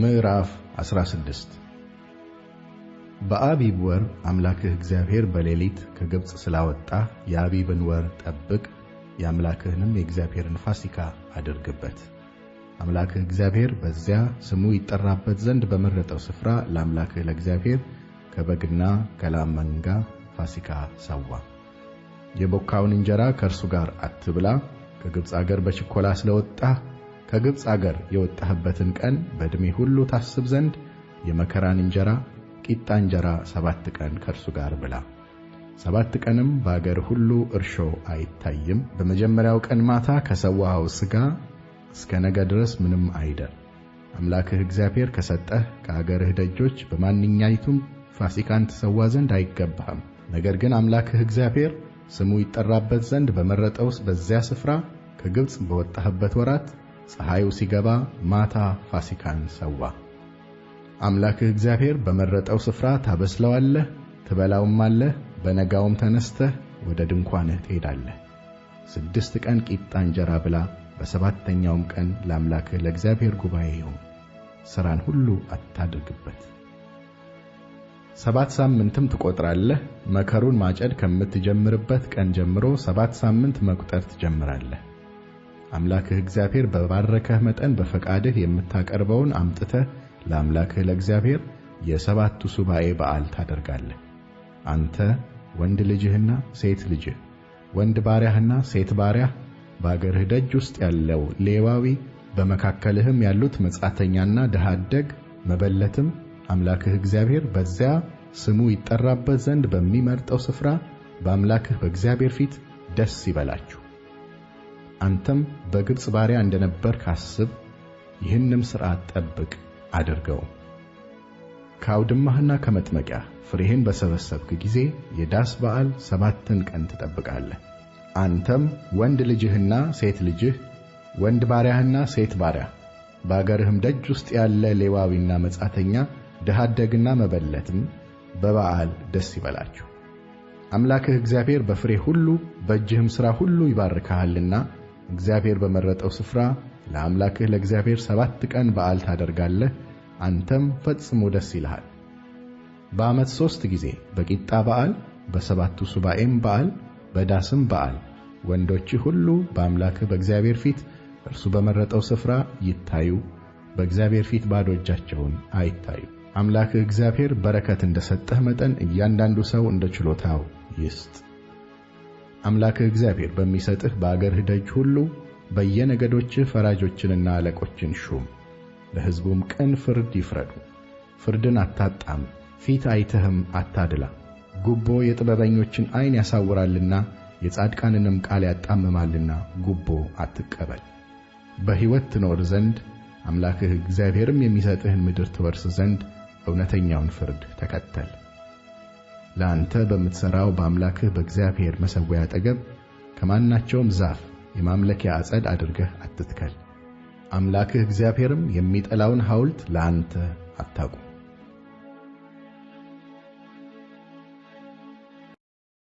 ምዕራፍ 16 በአቢብ ወር አምላክህ እግዚአብሔር በሌሊት ከግብፅ ስላወጣህ የአቢብን ወር ጠብቅ፣ የአምላክህንም የእግዚአብሔርን ፋሲካ አድርግበት። አምላክህ እግዚአብሔር በዚያ ስሙ ይጠራበት ዘንድ በመረጠው ስፍራ ለአምላክህ ለእግዚአብሔር ከበግና ከላም መንጋ ፋሲካ ሰዋ። የቦካውን እንጀራ ከእርሱ ጋር አትብላ፣ ከግብፅ አገር በችኮላ ስለወጣህ ከግብፅ አገር የወጣህበትን ቀን በዕድሜ ሁሉ ታስብ ዘንድ የመከራን እንጀራ ቂጣ እንጀራ ሰባት ቀን ከእርሱ ጋር ብላ። ሰባት ቀንም በአገር ሁሉ እርሾ አይታይም። በመጀመሪያው ቀን ማታ ከሰዋኸው ሥጋ እስከ ነገ ድረስ ምንም አይደር። አምላክህ እግዚአብሔር ከሰጠህ ከአገርህ ደጆች በማንኛይቱም ፋሲካን ትሰዋ ዘንድ አይገባህም። ነገር ግን አምላክህ እግዚአብሔር ስሙ ይጠራበት ዘንድ በመረጠውስ በዚያ ስፍራ ከግብፅ በወጣህበት ወራት ፀሐዩ ሲገባ ማታ ፋሲካን ሰዋ። አምላክህ እግዚአብሔር በመረጠው ስፍራ ታበስለዋለህ፣ አለ፣ በነጋውም ተነስተህ ወደ ድንኳንህ ትሄዳለህ። ስድስት ቀን ቂጣ እንጀራ ብላ፣ በሰባተኛውም ቀን ለአምላክህ ለእግዚአብሔር ጉባኤ ይሁን። ሥራን ሁሉ አታድርግበት። ሰባት ሳምንትም ትቆጥራለህ። መከሩን ማጨድ ከምትጀምርበት ቀን ጀምሮ ሰባት ሳምንት መቁጠር ትጀምራለህ። አምላክህ እግዚአብሔር በባረከህ መጠን በፈቃድህ የምታቀርበውን አምጥተህ ለአምላክህ ለእግዚአብሔር የሰባቱ ሱባኤ በዓል ታደርጋለህ። አንተ ወንድ ልጅህና ሴት ልጅህ፣ ወንድ ባሪያህና ሴት ባሪያህ፣ በአገርህ ደጅ ውስጥ ያለው ሌዋዊ፣ በመካከልህም ያሉት መጻተኛና ድሃ አደግ፣ መበለትም አምላክህ እግዚአብሔር በዚያ ስሙ ይጠራበት ዘንድ በሚመርጠው ስፍራ በአምላክህ በእግዚአብሔር ፊት ደስ ይበላችሁ። አንተም በግብፅ ባሪያ እንደነበር ካስብ ይህንም ሥርዓት ጠብቅ አድርገው። ከአውድማህና ከመጥመቂያ ፍሬህን በሰበሰብክ ጊዜ የዳስ በዓል ሰባትን ቀን ትጠብቃለህ። አንተም ወንድ ልጅህና ሴት ልጅህ፣ ወንድ ባሪያህና ሴት ባሪያ፣ በአገርህም ደጅ ውስጥ ያለ ሌዋዊና መጻተኛ፣ ድሃደግና መበለትም በበዓል ደስ ይበላችሁ። አምላክህ እግዚአብሔር በፍሬ ሁሉ በእጅህም ሥራ ሁሉ ይባርክሃልና እግዚአብሔር በመረጠው ስፍራ ለአምላክህ ለእግዚአብሔር ሰባት ቀን በዓል ታደርጋለህ፣ አንተም ፈጽሞ ደስ ይልሃል። በዓመት ሦስት ጊዜ በቂጣ በዓል፣ በሰባቱ ሱባኤም በዓል፣ በዳስም በዓል ወንዶች ሁሉ በአምላክህ በእግዚአብሔር ፊት እርሱ በመረጠው ስፍራ ይታዩ፣ በእግዚአብሔር ፊት ባዶ እጃቸውን አይታዩ። አምላክህ እግዚአብሔር በረከት እንደሰጠህ መጠን እያንዳንዱ ሰው እንደ ችሎታው ይስጥ። አምላክህ እግዚአብሔር በሚሰጥህ በአገርህ ደጅ ሁሉ በየነገዶችህ ፈራጆችንና አለቆችን ሹም፣ ለሕዝቡም ቅን ፍርድ ይፍረዱ። ፍርድን አታጣም፣ ፊት አይተህም አታድላ። ጉቦ የጥበበኞችን ዐይን ያሳውራልና የጻድቃንንም ቃል ያጣምማልና ጉቦ አትቀበል። በሕይወት ትኖር ዘንድ አምላክህ እግዚአብሔርም የሚሰጥህን ምድር ትወርስ ዘንድ እውነተኛውን ፍርድ ተከተል። ለአንተ በምትሠራው በአምላክህ በእግዚአብሔር መሠዊያ አጠገብ ከማናቸውም ዛፍ የማምለኪያ አጸድ አድርገህ አትትከል። አምላክህ እግዚአብሔርም የሚጠላውን ሐውልት ለአንተ አታቁም።